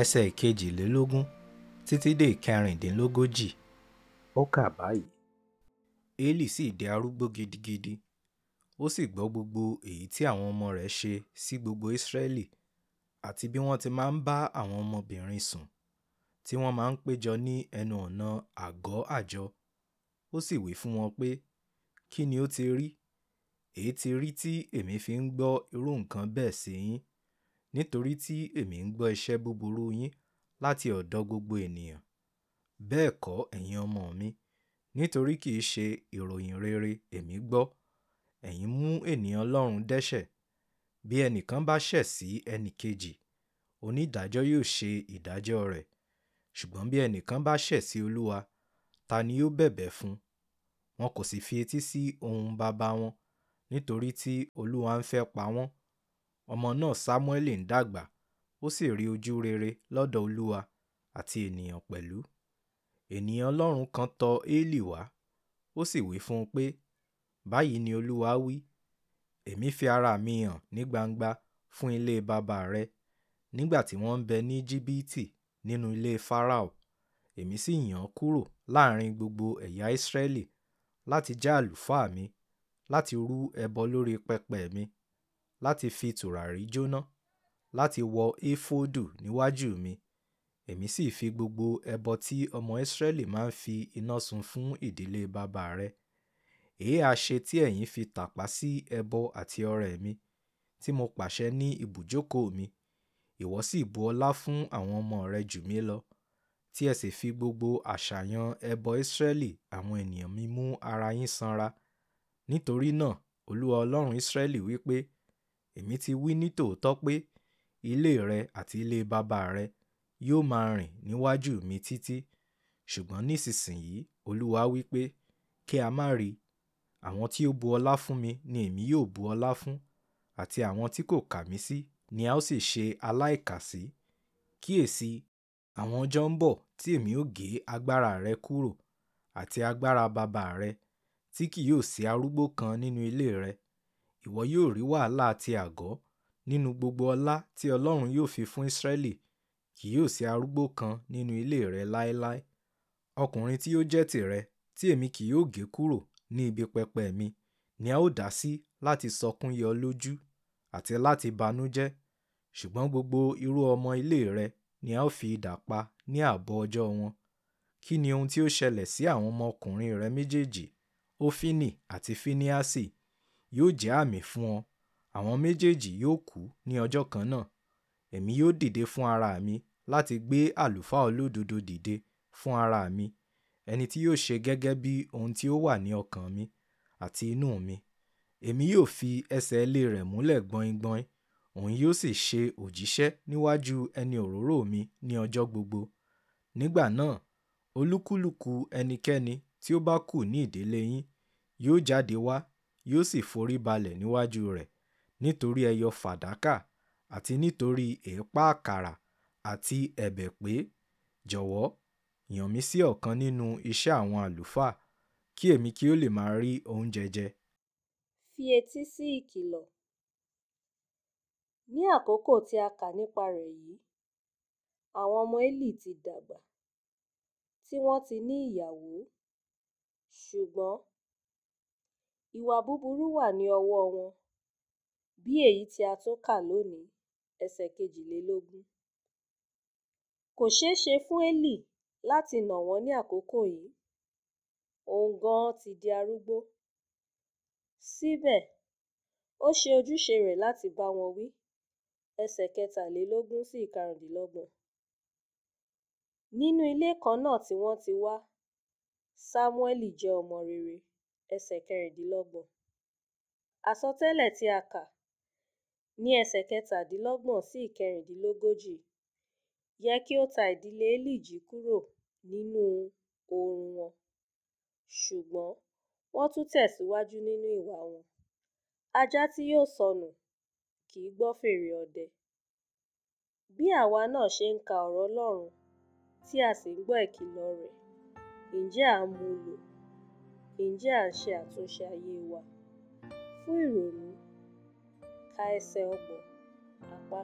ẹsẹ̀ ìkejìlélógún títí dé ìkẹrìndínlógójì ó kà báyìí. Élì sì di arúgbó gidigidi ó sì gbọ́ gbogbo èyí tí àwọn ọmọ rẹ̀ ṣe sí gbogbo Ísírẹ́lì àti bí wọ́n ti máa ń bá àwọn ọmọbìnrin sùn tí wọ́n máa ń péjọ ní ẹnu ọ̀nà àgọ́ àjọ ó sì wí fún wọn pé kí ni ó ti rí èyí ti rí tí èmi fi ń gbọ́ irú nǹkan bẹ́ẹ̀ sí yín nítorí tí èmi ń gbọ́ iṣẹ́ búburú yín láti ọ̀dọ̀ gbogbo ènìyàn. Bẹ́ẹ̀ kọ́ ẹ̀yin ọmọ mi, nítorí kì í ṣe ìròyìn rere èmi gbọ́. Ẹ̀yin mú ènìyàn Ọlọ́run dẹ́ṣẹ̀. Bí ẹnìkan bá ṣẹ̀ sí ẹnì kejì, onídàájọ́ yóò ṣe ìdájọ́ rẹ̀. Ṣùgbọ́n bí ẹnìkan bá ṣẹ̀ sí Olúwa, ta ni yóò bẹ̀bẹ̀ fún? Wọn kò sì fi etí sí ohùn baba wọn, nítorí tí Olúwa ń fẹ́ pa wọ́n ọmọ náà sámúẹ́lì ń dàgbà ó sì rí ojú rere lọ́dọ̀ olúwa àti ènìyàn pẹ̀lú ènìyàn ọlọ́run kan tọ éèlì wá ó sì wí fún un pé báyìí ni olúwa wí èmi fi ara mi hàn ní gbangba fún ilé bàbá rẹ nígbà tí wọ́n ń bẹ ní jìbìtì nínú ilé Fáráò èmi sì yàn án kúrò láàrin gbogbo ẹ̀yà Ísírẹ́lì láti jẹ́ àlùfáà mi láti rú ẹbọ lórí pẹpẹ mi láti fi tùràrí jóná láti wọ éfódù níwájú mi èmi sì fi gbogbo ẹbọ tí ọmọ ísírẹ́lì máa ń fi iná sun fún ìdílé bàbá rẹ èé ha ṣe tí ẹ̀yin fi tàpá sí ẹbọ àti ọrẹ mi tí mo pàṣẹ ní ibùjókòó mi ìwọ sì bu ọlá fún àwọn ọmọ rẹ jù mí lọ tí ẹ sì fi gbogbo àṣàyàn ẹbọ ísírẹ́lì àwọn ènìyàn mi mú ara yín sanra nítorí náà olúwa ọlọ́run ísírẹ́lì wí èmi ti wí ní tòótọ́ pé ilé rẹ àti ilé baba rẹ yóò máa rìn níwájú mi títí ṣùgbọ́n nísinsìnyí olúwa wí pé kí a má rí àwọn tí ó bu ọlá fún mi ni èmi yóò bu ọlá fún àti àwọn tí kò kà mí sí ni a ó sì ṣe aláìkàsí kíyèsí àwọn ọjọ́ ń bọ̀ tí èmi ó gé agbára rẹ kúrò àti agbára baba rẹ tí kì yóò sí arúgbó kan nínú ilé rẹ ìwọ yóò rí wàhálà ti àgọ́ nínú gbogbo ọlá tí ọlọ́run yóò fi fún ísírẹ́lì kì yóò sí arúgbó kan nínú ilé rẹ láéláé ọkùnrin tí ó jẹ́ tìrẹ tí èmi kì yóò gé kúrò ní ibi pẹpẹ mi ni a ó dá sí láti sọkún yọ lójú àti láti banújẹ́ ṣùgbọ́n gbogbo irú ọmọ ilé rẹ ni a ó fi idà pa ní ààbọ̀ ọjọ́ wọn kí ni ohun tí ó ṣẹlẹ̀ sí àwọn ọmọkùnrin rẹ méjèèjì ófínì àti fíníásì yóò jẹ́ àmì fún ọ àwọn méjèèjì yóò kú ní ọjọ́ kan náà èmi yóò dìde fún ara mi láti gbé àlùfáà olódodo dìde fún ara mi ẹni tí yóò ṣe gẹ́gẹ́ bí ohun tí ó wà ní ọkàn mi àti inú mi èmi yóò fi ẹsẹ̀ ilé rẹ̀ múlẹ̀ gbọ̀ngbọ̀n òun yóò sì ṣe òjíṣẹ́ níwájú ẹni òróró mi ní ọjọ́ gbogbo nígbà náà olúkúlùkù ẹnikẹ́ni tí ó bá kù ní ìdílé yín yóò jáde wá yóò sì forí balẹ̀ níwájú rẹ̀ nítorí ẹyọ fàdákà àti nítorí èépá àkàrà àti ẹ̀bẹ̀ pé jọ̀wọ́ yàn mí sí ọ̀kan nínú iṣẹ́ àwọn àlùfáà kí èmi kí ó lè máa rí oúnjẹ jẹ. fi etí sí ìkìlọ̀ ní àkókò tí a kà nípa rẹ̀ yìí àwọn ọmọ Élì ti dàgbà tí wọ́n ti ní ìyàwó ṣùgbọ́n ìwà búburú wà ní ọwọ wọn bíi èyí tí a tún kà lónìí ẹsẹ kejìlélógún kò ṣeé ṣe fún élì láti nà wọn ní àkókò yìí òun ganan ti di arúgbó síbẹ ó ṣe ojúṣe rẹ láti bá wọn wí ẹsẹ kẹtàlélógún sí ìkarùndínlọgbọn nínú ilé kan náà tí wọn ti wá sámúẹlì jẹ ọmọ rere ẹsẹ kẹrìndínlọgbọn àsọtẹlẹ tí a kà ní ẹsẹ kẹtàdínlọgbọn sí ìkẹrìndínlógójì yẹ kí ó ta ìdílé élíjí kúrò nínú oorun wọn ṣùgbọn wọn tún tẹsíwájú nínú ìwà wọn ajá tí yóò sọnù kì í gbọ fèrè ọdẹ bí àwa náà ṣe ń ka ọrọ ọlọrun tí a sì ń gbọ ìkìlọ rẹ ǹjẹ à ń mú lò ǹjẹ́ à ń ṣe àtúnṣe ayé wa fún ìrònú ka ẹsẹ̀ ọgbọ̀n apá